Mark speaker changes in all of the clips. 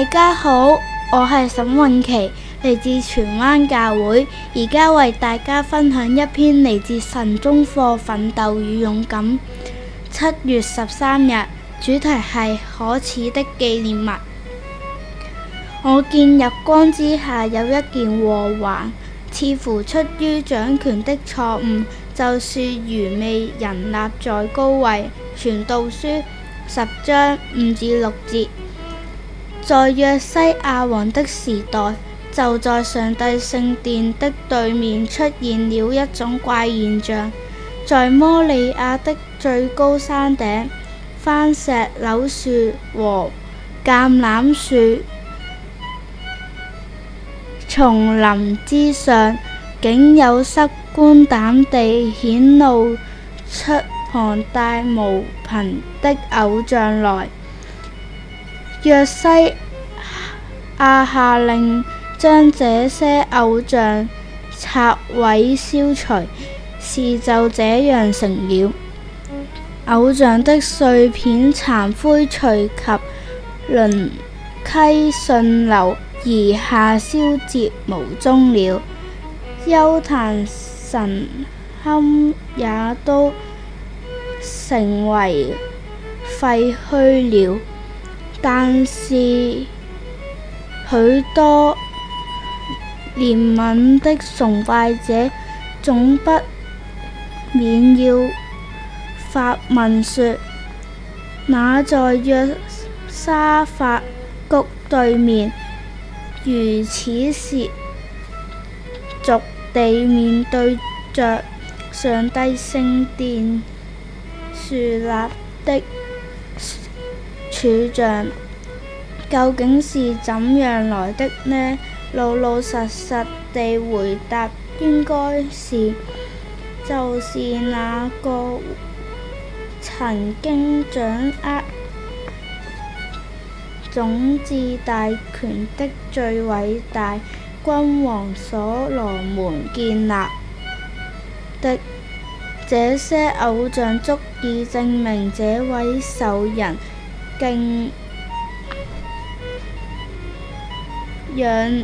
Speaker 1: 大家好，我係沈韻琪，嚟自荃灣教會，而家為大家分享一篇嚟自神中課《奮鬥與勇敢》七月十三日，主題係可恥的紀念物。我見日光之下有一件禍患，似乎出於掌權的錯誤，就是愚昧人立在高位，傳道書十章五至六節。在約西亞王的時代，就在上帝聖殿的對面出現了一種怪現象：在摩利亞的最高山頂，番石榴樹和橄欖樹叢林之上，竟有失官膽地顯露出龐大無朋的偶像來。約西亞、啊、下令將這些偶像拆毀消除。是就這樣成了偶像的碎片殘灰，隨汲淪溪順流而下消滅無蹤了，丘壇神龕也都成為廢墟了。但是，許多憐憫的崇拜者總不免要發問說：「那在約沙發谷對面，如此時俗地面對着上帝聖殿樹立的柱像究竟是怎樣來的呢？老老實實地回答，應該是就是那個曾經掌握統治大權的最偉大君王所羅門建立的。這些偶像足以證明這位獸人敬仰、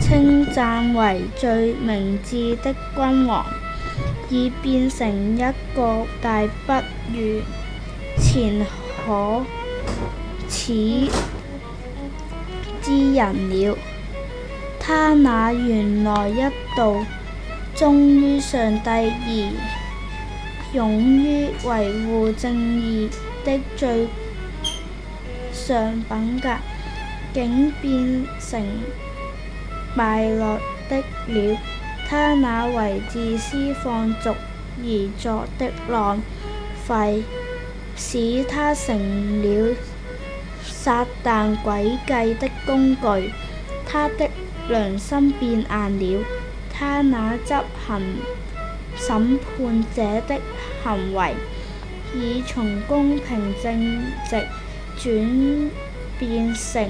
Speaker 1: 稱讚為最明智的君王，已變成一個大不如前可恥之人了。他那原來一度忠於上帝而勇於維護正義的最上品格，竟變成敗落的了，他那為自私放逐而作的浪費，使他成了撒旦詭計的工具。他的良心變硬了，他那執行審判者的行為，已從公平正直，轉變成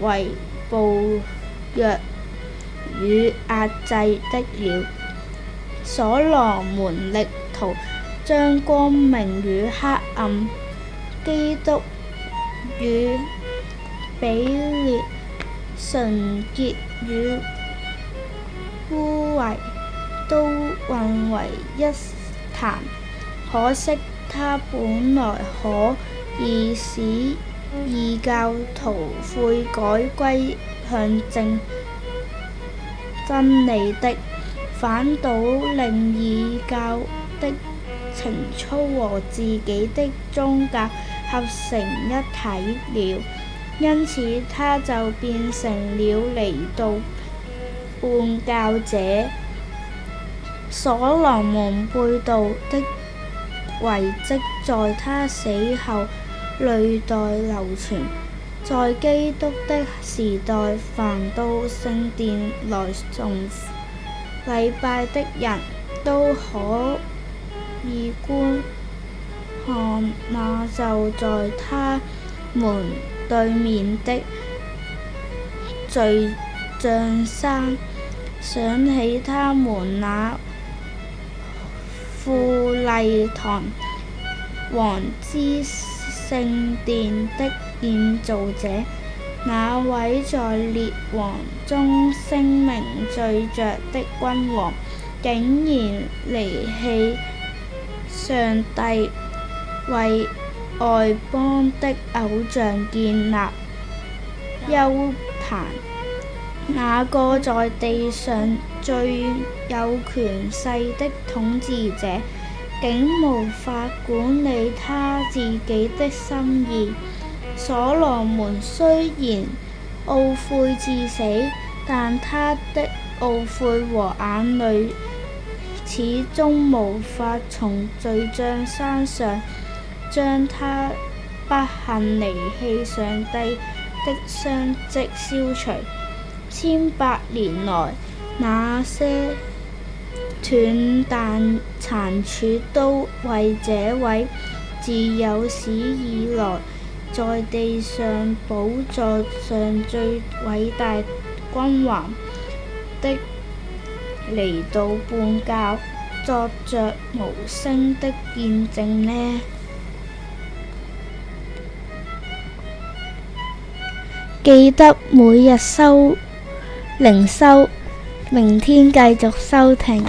Speaker 1: 為暴虐與壓制的了。所羅門力圖將光明與黑暗、基督與比列、純潔與污穢都混為一談，可惜他本來可以使異教徒悔改歸向正真理的，反倒令異教的情操和自己的宗教合成一體了，因此他就變成了離道叛教者。所羅門背道的遺迹在他死後。歷代流傳，在基督的時代，凡到聖殿來送禮拜的人都可以觀看，那就在他們對面的墳像山，想起他們那富麗堂皇之。聖殿的建造者，那位在列王中聲名最著的君王，竟然離棄上帝為外邦的偶像建立丘壇，那個在地上最有權勢的統治者。竟無法管理他自己的心意。所羅門雖然懊悔至死，但他的懊悔和眼淚，始終無法從罪障山上將他不幸離棄上帝的傷跡消除。千百年來，那些……斷彈殘柱都為這位自有史以來在地上寶座上最偉大君王的尼布甲尼撒，作著無聲的見證呢。記得每日收靈修，明天繼續收聽。